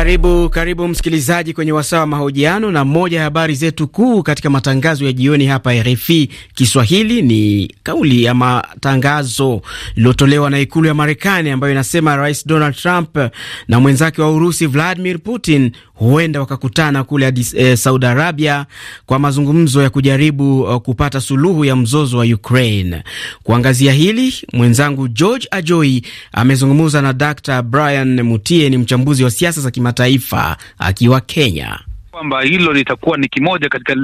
Karibu karibu msikilizaji kwenye wasaa wa mahojiano, na moja ya habari zetu kuu katika matangazo ya jioni hapa RFI Kiswahili ni kauli ya matangazo iliyotolewa na ikulu ya Marekani ambayo inasema Rais Donald Trump na mwenzake wa Urusi Vladimir Putin huenda wakakutana kule eh, Saudi Arabia kwa mazungumzo ya kujaribu uh, kupata suluhu ya mzozo wa Ukraine. Kuangazia hili, mwenzangu George Ajoi amezungumza na Dr Brian Mutie, ni mchambuzi wa siasa za kima kimataifa akiwa Kenya kwamba hilo litakuwa ni kimoja katika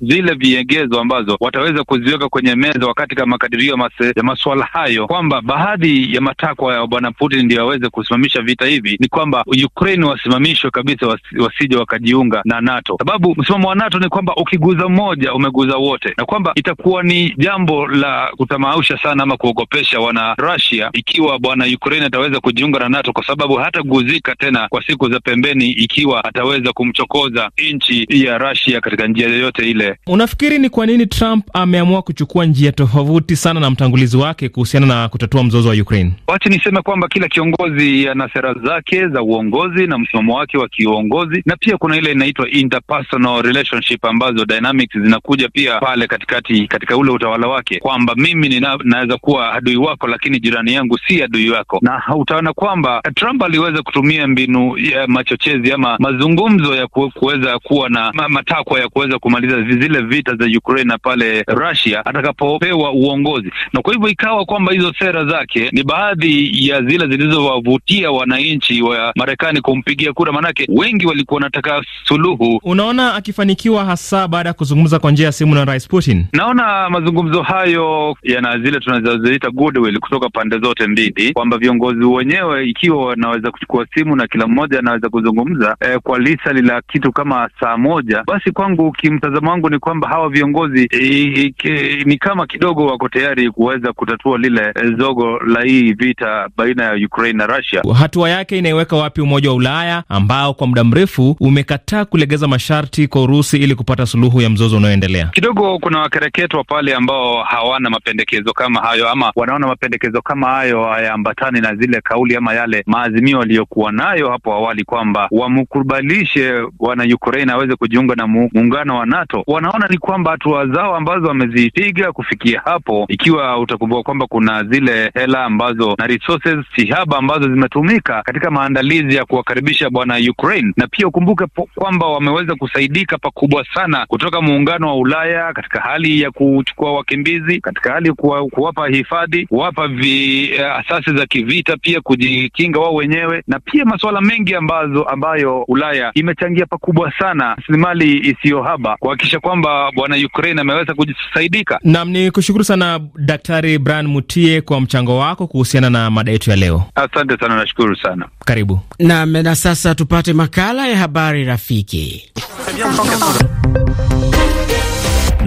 zile viegezo ambazo wataweza kuziweka kwenye meza wakati kama makadirio ya masuala hayo, kwamba baadhi ya matakwa ya bwana Putin ndio aweze kusimamisha vita hivi ni kwamba Ukraine wasimamishwe kabisa, wasije wakajiunga na NATO, sababu msimamo wa NATO ni kwamba ukiguza mmoja umeguza wote, na kwamba itakuwa ni jambo la kutamausha sana ama kuogopesha wana Russia ikiwa bwana Ukraine ataweza kujiunga na NATO, kwa sababu hataguzika tena kwa siku za pembeni ikiwa ataweza kumchokoza nchi ya Russia katika njia yoyote ile. Unafikiri ni kwa nini Trump ameamua kuchukua njia tofauti sana na mtangulizi wake kuhusiana na kutatua mzozo wa Ukraine? Wacha niseme kwamba kila kiongozi ana sera zake za uongozi na msimamo wake wa kiuongozi, na pia kuna ile inaitwa interpersonal relationship ambazo dynamics zinakuja pia pale katikati katika ule utawala wake, kwamba mimi ninaweza naweza kuwa adui wako lakini jirani yangu si adui wako, na utaona kwamba Trump aliweza kutumia mbinu ya machochezi ama mazungumzo ya kuwe kuweza kuwa na matakwa ya kuweza kumaliza zile vita za Ukraine na pale Russia atakapopewa uongozi, na kwa hivyo ikawa kwamba hizo sera zake ni baadhi ya zile zilizowavutia wananchi wa Marekani kumpigia kura, maanake wengi walikuwa wanataka suluhu. Unaona akifanikiwa hasa baada ya kuzungumza kwa njia ya simu na Rais Putin. Naona mazungumzo hayo yana zile tunazoziita goodwill kutoka pande zote mbili, kwamba viongozi wenyewe ikiwa wanaweza kuchukua simu na kila mmoja anaweza kuzungumza eh, kwa lisa lila kitu kama saa moja, basi kwangu kimtazamo wangu ni kwamba hawa viongozi e, e, ni kama kidogo wako tayari kuweza kutatua lile eh, zogo la hii vita baina ya Ukraine na Russia. Hatua yake inaiweka wapi Umoja wa Ulaya ambao kwa muda mrefu umekataa kulegeza masharti kwa Urusi ili kupata suluhu ya mzozo unaoendelea? Kidogo kuna wakereketwa pale ambao hawana mapendekezo kama hayo, ama wanaona mapendekezo kama hayo hayaambatani na zile kauli ama yale maazimio aliyokuwa nayo hapo awali kwamba wamkubalishe wana Ukraine aweze kujiunga na muungano wa NATO, wanaona ni kwamba hatua zao ambazo wamezipiga kufikia hapo, ikiwa utakumbuka kwamba kuna zile hela ambazo na resources sihaba ambazo zimetumika katika maandalizi ya kuwakaribisha bwana Ukraine, na pia ukumbuke kwamba wameweza kusaidika pakubwa sana kutoka muungano wa Ulaya katika hali ya kuchukua wakimbizi, katika hali ya kuwa, kuwapa hifadhi, kuwapa vi, uh, asasi za kivita, pia kujikinga wao wenyewe, na pia masuala mengi ambazo ambayo Ulaya imechangia pakubwa kubwa sana, rasilimali isiyo haba, kuhakikisha kwamba bwana Ukraine ameweza kujisaidika. nam ni kushukuru sana Daktari Brian Mutie kwa mchango wako kuhusiana na mada yetu ya leo. Asante sana, nashukuru sana. Karibu nam. Na sasa tupate makala ya habari rafiki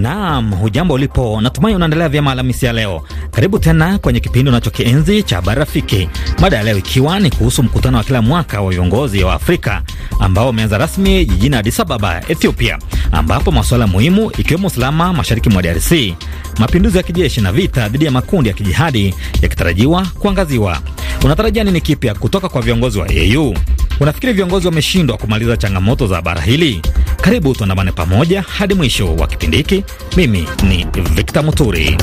Naam, hujambo ulipo, natumai unaendelea vyema Alhamisi ya leo. Karibu tena kwenye kipindi unachokienzi cha Habari Rafiki, mada ya leo ikiwa ni kuhusu mkutano wa kila mwaka wa viongozi wa Afrika ambao umeanza rasmi jijini Addis Ababa, Ethiopia, ambapo masuala muhimu ikiwemo usalama mashariki mwa DRC, mapinduzi ya kijeshi na vita dhidi ya makundi ya kijihadi yakitarajiwa kuangaziwa. Unatarajia nini kipya kutoka kwa viongozi wa AU? Unafikiri viongozi wameshindwa kumaliza changamoto za bara hili? Karibu tuandamane pamoja hadi mwisho wa kipindi hiki. Mimi ni Victor Muturi.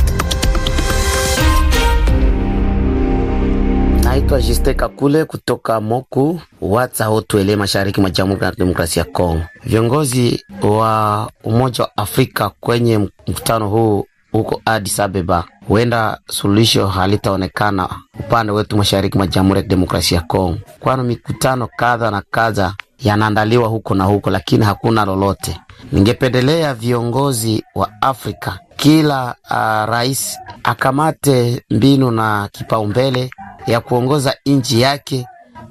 Naitwa Jiste Kakule kutoka Moku Watsa Hotuele, mashariki mwa Jamhuri ya Demokrasia ya Kongo. Viongozi wa Umoja wa Afrika kwenye mkutano huu huko Addis Abeba, huenda suluhisho halitaonekana upande wetu mashariki mwa Jamhuri ya Kidemokrasia ya Kongo, kwani mikutano kadha na kadha yanaandaliwa huko na huko, lakini hakuna lolote. Ningependelea viongozi wa Afrika, kila uh, rais akamate mbinu na kipaumbele ya kuongoza nchi yake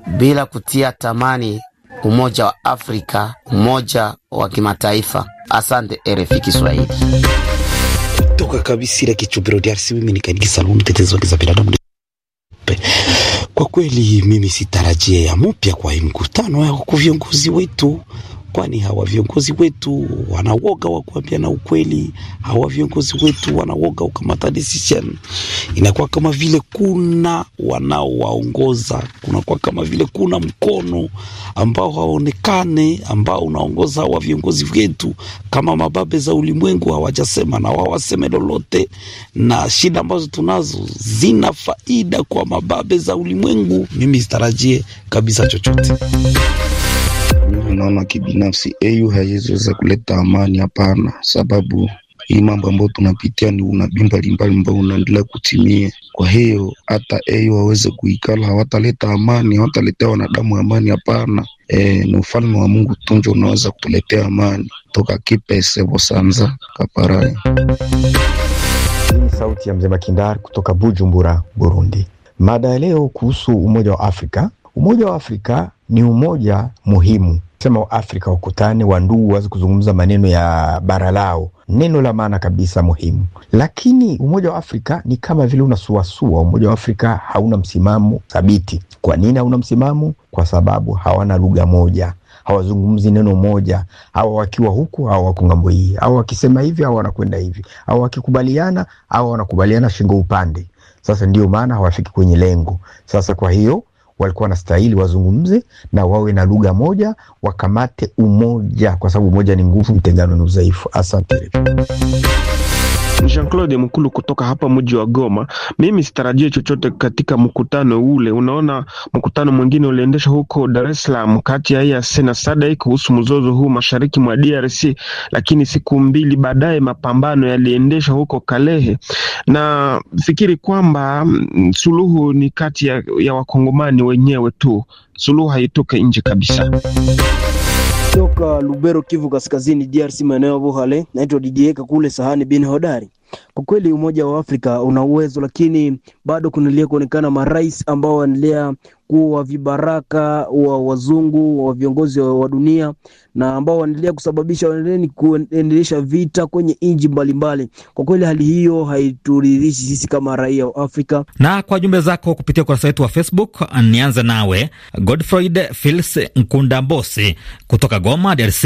bila kutia tamani umoja wa Afrika, umoja wa kimataifa. Asante RFI Kiswahili toka kabisa ile kichubiro DRC. Mimi ni Salum, mtetezi wa binadamu. Kwa kweli mimi sitarajia ya mupya kwa hii mkutano ya viongozi wetu kwani hawa viongozi wetu wanawoga wa na ukweli. Hawa viongozi wetu wanawoga ukamata decision. Inakuwa kama vile kuna wanaowaongoza, kunakuwa kama vile kuna mkono ambao haonekane, ambao unaongoza wa viongozi wetu. Kama mababe za ulimwengu hawajasema na hawaseme lolote, na shida ambazo tunazo zina faida kwa mababe za ulimwengu. Mimi sitarajie kabisa chochote naona kibinafsi, au eh, haiwezi kuleta amani. Hapana, sababu hii mambo ambayo tunapitia ni unabii mbalimbali ambao unaendelea kutimia. Kwa hiyo hata au eh, waweze kuikala, hawataleta amani, hawataletea wanadamu amani. Hapana. E, ni ufalme wa Mungu tunjo unaweza kutuletea amani toka kipese sanza kaparai. Hii ni sauti ya mzee Makindar kutoka Bujumbura, Burundi. Mada ya leo kuhusu umoja wa Afrika. Umoja wa Afrika ni umoja muhimu sema wa Afrika wakutane, wanduu ndugu waweze kuzungumza maneno ya bara lao, neno la maana kabisa muhimu. Lakini umoja wa Afrika ni kama vile unasuasua. Umoja wa Afrika hauna msimamo thabiti. Kwa nini hauna msimamo? Kwa sababu hawana lugha moja, hawazungumzi neno moja. Hawa wakiwa huku, hawa wako ng'ambo hii, hawa wakisema hivi, hawa wanakwenda hivi, hawa wakikubaliana, hawa wanakubaliana shingo upande. Sasa ndiyo maana hawafiki kwenye lengo. Sasa kwa hiyo walikuwa wanastahili wazungumze na wawe na lugha moja, wakamate umoja, kwa sababu umoja ni nguvu, mtengano ni udhaifu. Asante. Jean Claude Mkulu kutoka hapa mji wa Goma. Mimi sitarajie chochote katika mkutano ule. Unaona, mkutano mwingine uliendeshwa huko Dar es Salaam kati ya EAC na SADC kuhusu mzozo huu mashariki mwa DRC, lakini siku mbili baadaye mapambano yaliendeshwa huko Kalehe, na fikiri kwamba mm, suluhu ni kati ya, ya wakongomani wenyewe tu. Suluhu haitoke nje kabisa kutoka Lubero, Kivu Kaskazini, DRC, maeneo ya Buhale. Naitwa DJ Kakule Sahani bin Hodari. Kwa kweli Umoja wa Afrika una uwezo, lakini bado kunaendelea kuonekana marais ambao wanaendelea kuwa vibaraka wa wazungu wa viongozi wa, wa dunia na ambao wanaendelea kusababisha wanaendelea kuendelesha vita kwenye nchi mbalimbali. Kwa kweli hali hiyo haituridhishi sisi kama raia wa Afrika. Na kwa jumbe zako kupitia ukurasa wetu wa Facebook, nianze nawe Godfrey Fils Nkunda Mbosi kutoka Goma, DRC.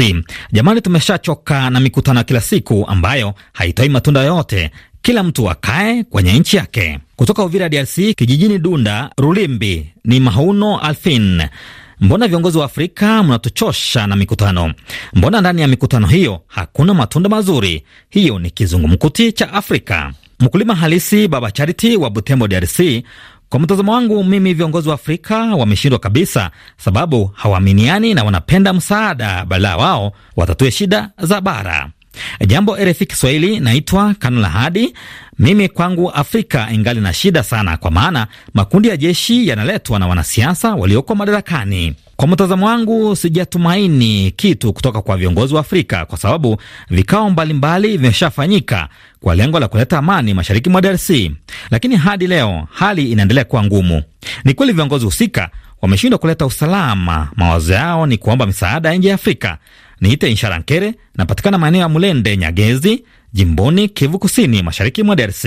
Jamani, tumeshachoka na mikutano ya kila siku ambayo haitoi matunda yote wote, kila mtu akae kwenye nchi yake. Kutoka Uvira, DRC, kijijini Dunda Rulimbi ni Mahuno Alfin. Mbona viongozi wa Afrika mnatuchosha na mikutano? Mbona ndani ya mikutano hiyo hakuna matunda mazuri? Hiyo ni kizungumkuti cha Afrika. Mkulima halisi Baba Charity wa Butembo, DRC. Kwa mtazamo wangu mimi, viongozi wa Afrika wameshindwa kabisa, sababu hawaaminiani na wanapenda msaada, badala wao watatue shida za bara. Jambo RFI Kiswahili, naitwa Kanula Hadi. Mimi kwangu Afrika ingali na shida sana, kwa maana makundi ya jeshi yanaletwa na wanasiasa walioko madarakani. Kwa mtazamo wangu, sijatumaini kitu kutoka kwa viongozi wa Afrika kwa sababu vikao mbalimbali vimeshafanyika kwa lengo la kuleta amani mashariki mwa DRC, lakini hadi leo hali inaendelea kuwa ngumu. Ni kweli viongozi husika wameshindwa kuleta usalama, mawazo yao ni kuomba misaada ya nje ya Afrika, Niite Nsharankere, napatikana maeneo ya Mulende, Nyagezi, jimboni Kivu Kusini, mashariki mwa DRC.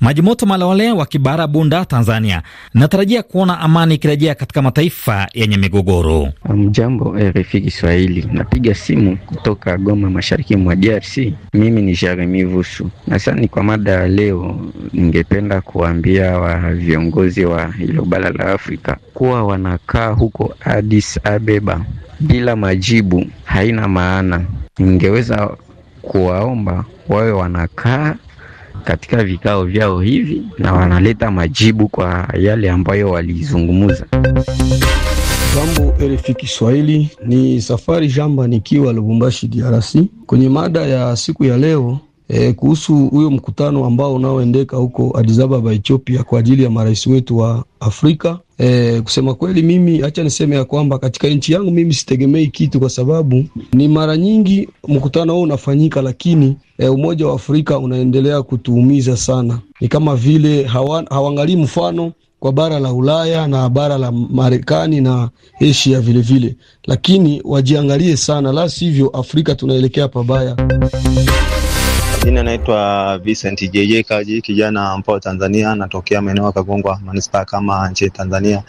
Majimoto Malole wa Kibara, Bunda, Tanzania, natarajia kuona amani ikirejea katika mataifa yenye migogoro. Mjambo RFI Kiswahili, napiga simu kutoka Goma, mashariki mwa DRC. Mimi ni Jeremi Vusu. Nasani kwa mada ya leo, ningependa kuwaambia wa viongozi wa hilo bara la Afrika kuwa wanakaa huko Addis Abeba bila majibu haina maana. Ningeweza kuwaomba wawe wanakaa katika vikao vyao hivi na wanaleta majibu kwa yale ambayo walizungumza. Jambo RFI Kiswahili, ni safari jamba nikiwa Lubumbashi DRC, kwenye mada ya siku ya leo e, kuhusu huyo mkutano ambao unaoendeka huko Addis Ababa Ethiopia, kwa ajili ya marais wetu wa Afrika E, kusema kweli mimi acha niseme ya kwamba katika nchi yangu mimi sitegemei kitu, kwa sababu ni mara nyingi mkutano huu unafanyika, lakini e, Umoja wa Afrika unaendelea kutuumiza sana. Ni kama vile hawaangalii mfano kwa bara la Ulaya na bara la Marekani na Asia vilevile vile. Lakini wajiangalie sana, la sivyo Afrika tunaelekea pabaya. Jina naitwa Vincent JJ Kaji, kijana mpao Tanzania, natokea maeneo ya Kagongwa manispaa kama nchini Tanzania.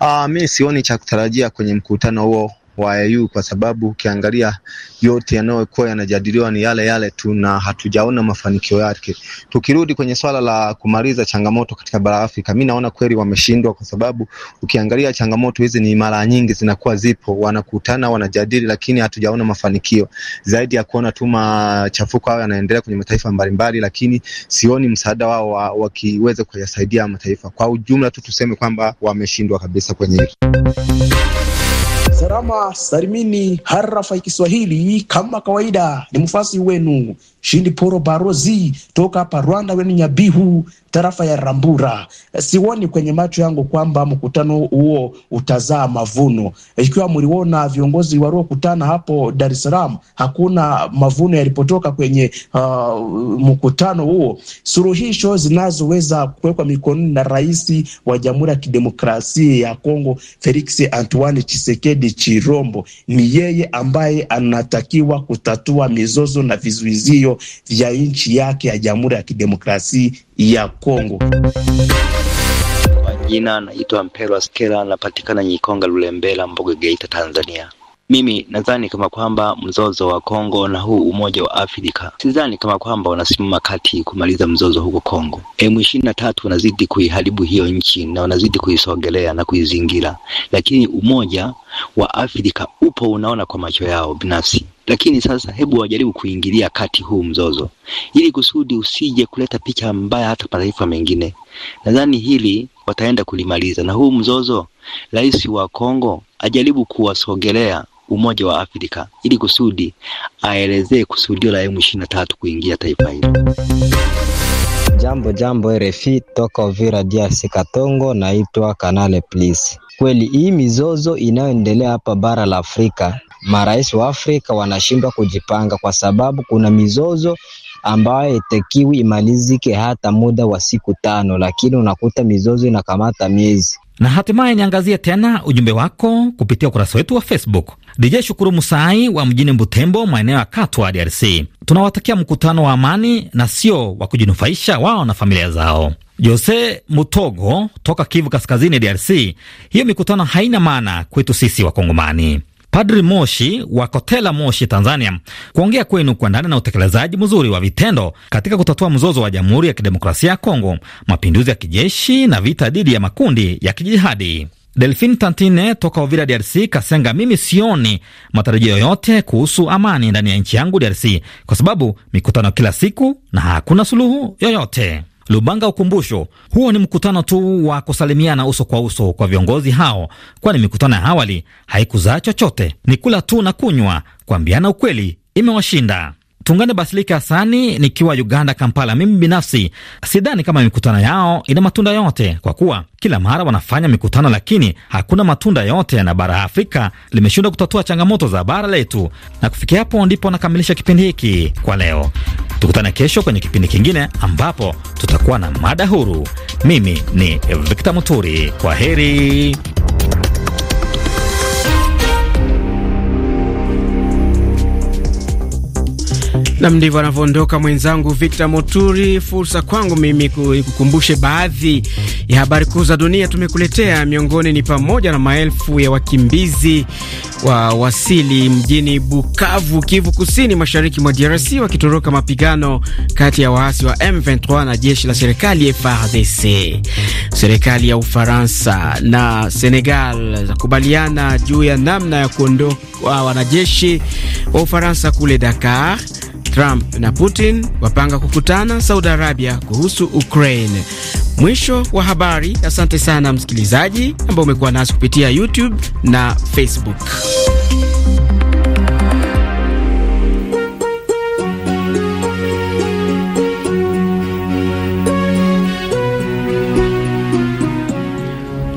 Ah, mimi sioni cha kutarajia kwenye mkutano huo wa AU kwa sababu ukiangalia yote yanayokuwa yanajadiliwa ni yale yale tu na hatujaona mafanikio yake. Tukirudi kwenye swala la kumaliza changamoto katika bara Afrika, mi naona kweli wameshindwa, kwa sababu ukiangalia changamoto hizi ni mara nyingi zinakuwa zipo, wanakutana wanajadili, lakini hatujaona mafanikio zaidi ya kuona tu machafuko hayo yanaendelea kwenye mataifa mbalimbali, lakini sioni msaada wao wakiweza kuyasaidia mataifa kwa ujumla. Tu tuseme kwamba wameshindwa kabisa kwenye Gharama Salimini harafa Kiswahili kama kawaida, ni mfasi wenu Shindi Poro Barozi toka hapa Rwanda, wenu Nyabihu tarafa ya Rambura. Sioni kwenye macho yangu kwamba mkutano huo utazaa mavuno. Ikiwa mliona viongozi waliokutana hapo Dar es Salaam, hakuna mavuno yalipotoka kwenye uh, mkutano huo. Suluhisho zinazoweza kuwekwa mikononi na rais wa Jamhuri ya Kidemokrasia ya Kongo Felix Antoine chisekedi Chirombo, ni yeye ambaye anatakiwa kutatua mizozo na vizuizio vya nchi yake ya Jamhuri ya Kidemokrasia ya Kongo. Kwa jina anaitwa Mpelwa Skela, anapatikana Nyikonga, Lulembela, Mbogwe, Geita, Tanzania. Mimi nadhani kama kwamba mzozo wa Kongo na huu umoja wa Afrika, sidhani kama kwamba wanasimama kati kumaliza mzozo huko Kongo. M 23 na tatu wanazidi kuiharibu hiyo nchi na wanazidi kuisogelea na kuizingira, lakini umoja wa Afrika upo, unaona kwa macho yao binafsi, lakini sasa hebu wajaribu kuingilia kati huu mzozo, ili kusudi usije kuleta picha mbaya hata mataifa mengine. Nadhani hili wataenda kulimaliza, na huu mzozo, rais wa Kongo ajaribu kuwasogelea Umoja wa Afrika ili kusudi aelezee kusudio la M23 kuingia taifa hilo. Jambo jambo, RFI toka Uvira, DRC Katongo, naitwa Kanale Please kweli hii mizozo inayoendelea hapa bara la Afrika, marais wa Afrika wanashindwa kujipanga kwa sababu kuna mizozo ambayo itakiwi imalizike hata muda wa siku tano, lakini unakuta mizozo inakamata miezi. Na hatimaye niangazie tena ujumbe wako kupitia ukurasa wetu wa Facebook. DJ Shukuru Musai wa mjini Mbutembo, maeneo ya Katwa, DRC, tunawatakia mkutano wa amani na sio wa kujinufaisha wao na familia zao. Jose Mutogo toka Kivu Kaskazini, DRC, hiyo mikutano haina maana kwetu sisi Wakongomani. Padri Moshi wa Kotela, Moshi, Tanzania, kuongea kwenu ndani na utekelezaji mzuri wa vitendo katika kutatua mzozo wa Jamhuri ya Kidemokrasia ya Kongo, mapinduzi ya kijeshi na vita dhidi ya makundi ya kijihadi. Delfin Tantine toka Uvira, DRC, Kasenga, mimi sioni matarajio yoyote kuhusu amani ndani ya nchi yangu DRC, kwa sababu mikutano kila siku na hakuna suluhu yoyote. Lubanga Ukumbusho, huo ni mkutano tu wa kusalimiana uso kwa uso kwa viongozi hao, kwani mikutano ya awali haikuzaa chochote, ni kula tu na kunywa. Kuambiana ukweli imewashinda. Tungane Basilika Hasani nikiwa Uganda, Kampala. Mimi binafsi sidhani kama mikutano yao ina matunda yote, kwa kuwa kila mara wanafanya mikutano lakini hakuna matunda yote, na bara Afrika limeshindwa kutatua changamoto za bara letu. Na kufikia hapo ndipo nakamilisha kipindi hiki kwa leo. Tukutane kesho kwenye kipindi kingine ambapo tutakuwa na mada huru. Mimi ni Victor Muturi, kwa heri. Nam, ndivyo anavyoondoka mwenzangu Victor Moturi. Fursa kwangu mimi kukumbushe baadhi ya habari kuu za dunia tumekuletea. Miongoni ni pamoja na maelfu ya wakimbizi wa wasili mjini Bukavu, Kivu Kusini, mashariki mwa DRC, wakitoroka mapigano kati ya waasi wa M23 na jeshi la serikali FARDC. Serikali ya Ufaransa na Senegal zakubaliana juu ya namna ya kuondoa wanajeshi wa Ufaransa kule Dakar. Trump na Putin wapanga kukutana Saudi Arabia kuhusu Ukraine. Mwisho wa habari. Asante sana msikilizaji ambao umekuwa nasi kupitia YouTube na Facebook.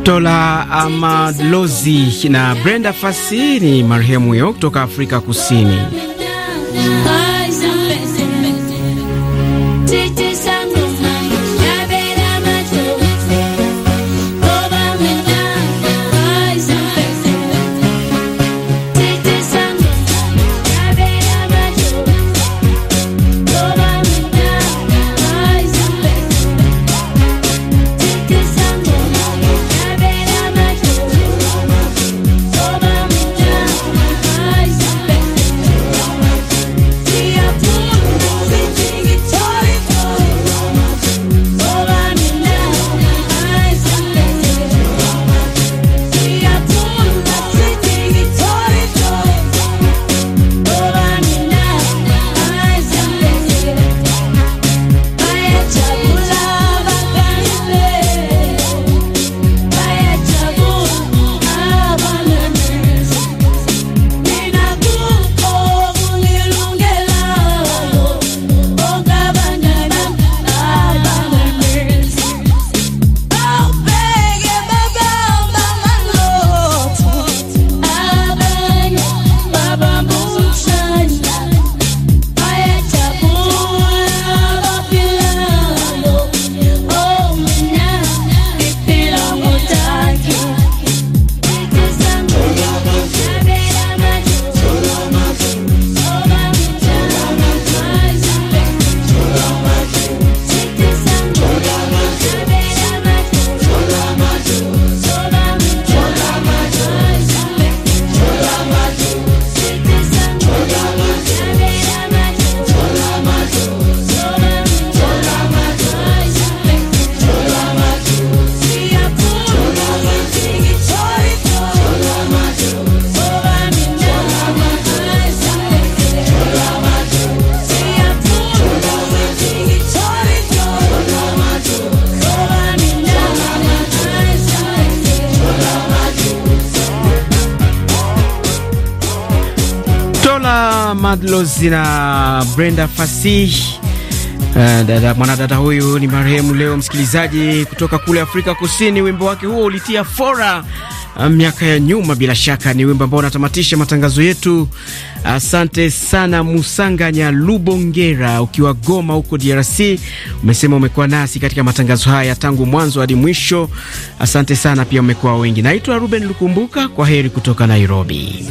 Tola Amadlozi na Brenda Fasi ni marehemu huyo kutoka Afrika Kusini. Dada Madlozi na Brenda Fasih. Uh, dada huyu ni marehemu leo msikilizaji, kutoka kule Afrika Kusini. Wimbo wake huo ulitia fora eh, miaka ya nyuma. Bila shaka ni wimbo ambao unatamatisha matangazo yetu. Asante sana Musanganya Lubongera, ukiwa Goma huko DRC, umesema umekuwa nasi katika matangazo haya tangu mwanzo hadi mwisho. Asante sana pia, umekuwa wengi. Naitwa Ruben Lukumbuka, kwa heri kutoka Nairobi.